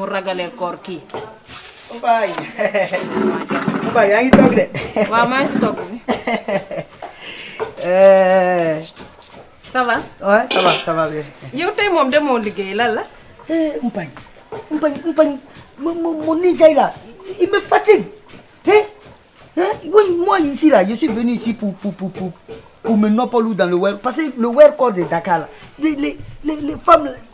mu ragalee koor kii. Mbaye Mbaye yaa ngi toog de. waaw maa ngi si toog bi. Eh. ça va. ouais ça va ça va bien. yow tay mom demo liggéey lan la. eh Mpañ Mpañ mo mon mon nijaay là il me fatigue. Eh? Eh? Oui, moi ici là, je suis venu ici pour pour pour pour pour me noppalu dans le web parce que le web corps de Dakar là, les les les femmes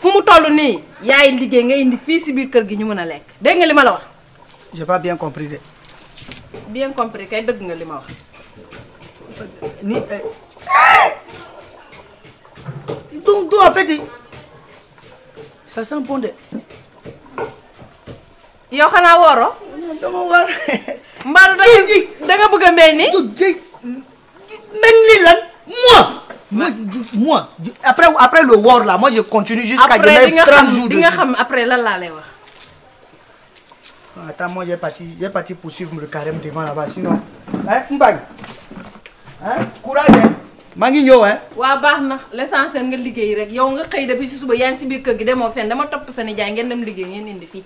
fu mu toll nii yaay liggéey nga indi fii si biir kër gi ñu mën a dégg nga li wax. j'ai pas bien compris bien compris kay dëgg nga li wax. ni. Eh. Eh, donc donc en fait ça sent bon de. yow xanaa wooro. dama woor. mbaalu da nga bëgg a mel ni. mel moi, moi après, après le war là, moi je continue jusqu'à 30 jours. De après, là, là, là, Attends, moi j'ai parti, j'ai parti poursuivre le carême devant là-bas, sinon. Hein, Mbag Hein, courage, Mangi ñow hein. hein. wa baax na l'essentiel nga liggéey rek yow nga xëy depuis si suba yaa ngi si kër gi demo fenn dama top sa nijaay ngeen dem liggéey ngeen indi fi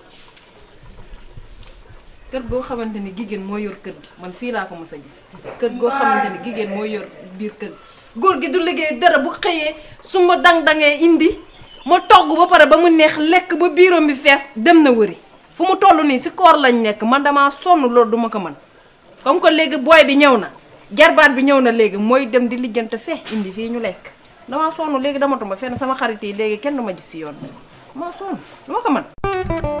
kër goo xamanteni ni mo yor kër man fi la ko mos gis. kër go xamanteni ni mo yor biir kër góor gi du liggéey dara bu xëyee su ma dang-dangee indi ma togg ba pare ba mu neex lekk ba biiram bi fees dem na wëri fu mu toll nii si koor lañ nekk man damaa sonn loolu duma ko mën comme que léegi booy bi ñëw na jarbaat bi ñëw na léegi mooy dem di lijjante fee indi fii ñu lekk damaa sonn léegi damatuma fenn sama xarit yi léegi kenn du ma gis si yoon damaa sonn duma ko mën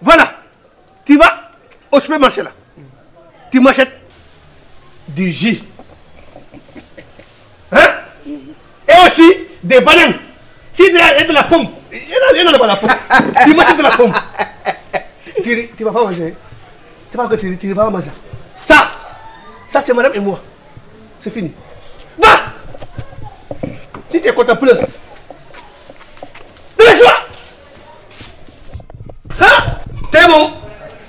voilà tu vas au supermarché là tu m'achètes du jus hein et aussi des bananes si tu y de la pomme il y en a là la pomme tu m'achètes de la pomme tu ne vas pas manger c'est pas que tu ne vas pas manger ça ça c'est madame et moi c'est fini va si tu es content pleure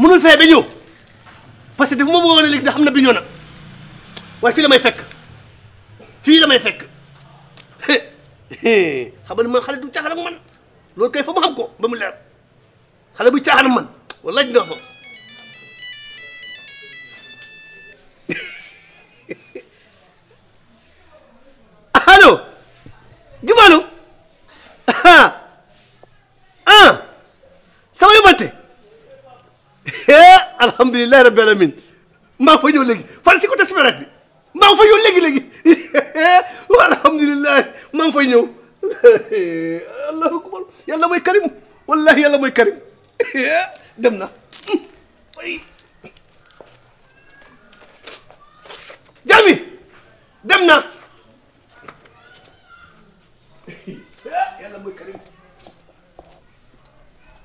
منو فيها بنيو بس دي مو وانا اللي حمنا بنيونا واي في لما يفك في لما يفك خبر من خالد وتاخ من لو كيف ما همكو بملعب خالد بيتاخ من والله جنبه جمالو الحمد لله رب العالمين ما فين لك فرسي كنت اسمع ربي ما فين لك لك والحمد لله ما فين الله اكبر يلا ما يكرم والله يلا ما يكرم دمنا جامي دمنا يلا ابو كريم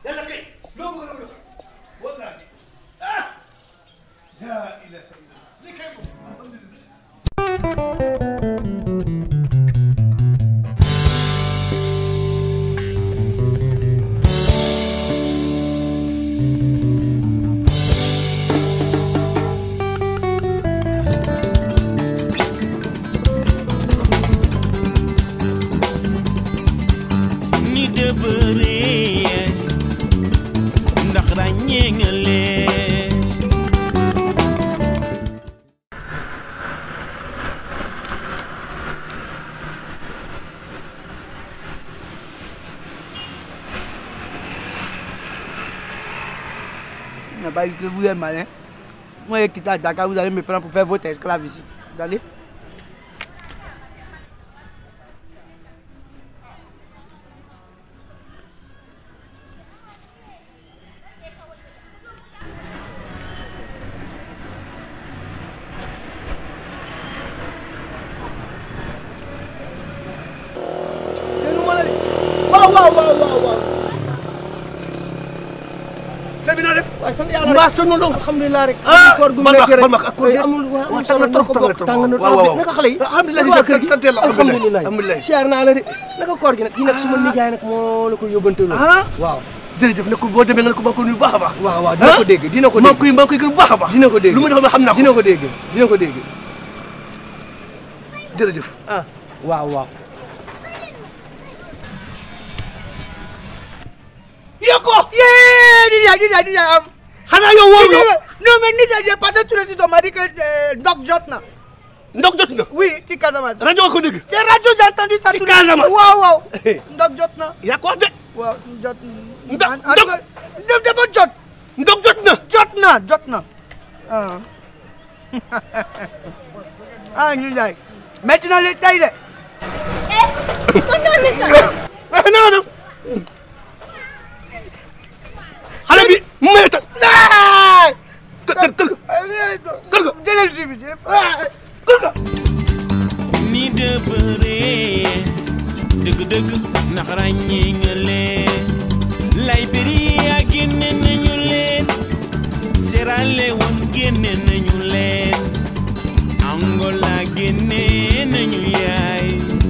يلا بي لو والله لا إله إلا là vous êtes malin. Moi, je quitte à Dakar, vous allez me prendre pour faire votre esclave ici. Vous allez Wow, waouh, waouh, wow. waaw sant yàlla rek mbaa sonn loo alhamdulilah rek ah, koor gu metti rek ban ak koor gi eh, amul waaw tàng na trop tàng na trop naka xale yi alhamdulilah sa kër gi sant yàlla alhamdulilah alhamdulilah siyaar naa la de naka koor gi nag kii nag suma ah. nijaay nag moo la ko yóbbanteloo ah. waaw jërëjëf ne ko boo demee nga ne ko maa ngi koy nuyu bu baax a baax waaw waaw dina ko dégg dina ko dégg maa koy maa koy gën bu baax a baax dina ko dégg lu ma defal ma xam naa ko dina ko dégg dina ko dégg jërëjëf ah waaw waaw yokko yee di jaay di jaay di jaay am xanaa yow wóoruloo non mais nit yi j'ai les six m'a dit que euh, jot na. ndox jot na. oui ci Casamance. rajo ko dégg. ci rajo j'ai entendu ça. ci Casamance waaw waaw. ndox jot na. yaa ko wax de. waaw jot. ndox ndox dafa jot. ndox jot na. jot na jot na. ah ah ñu jaay. na li tey eh. kon sénégalais woon génne nañu leen angola génne nañu yaay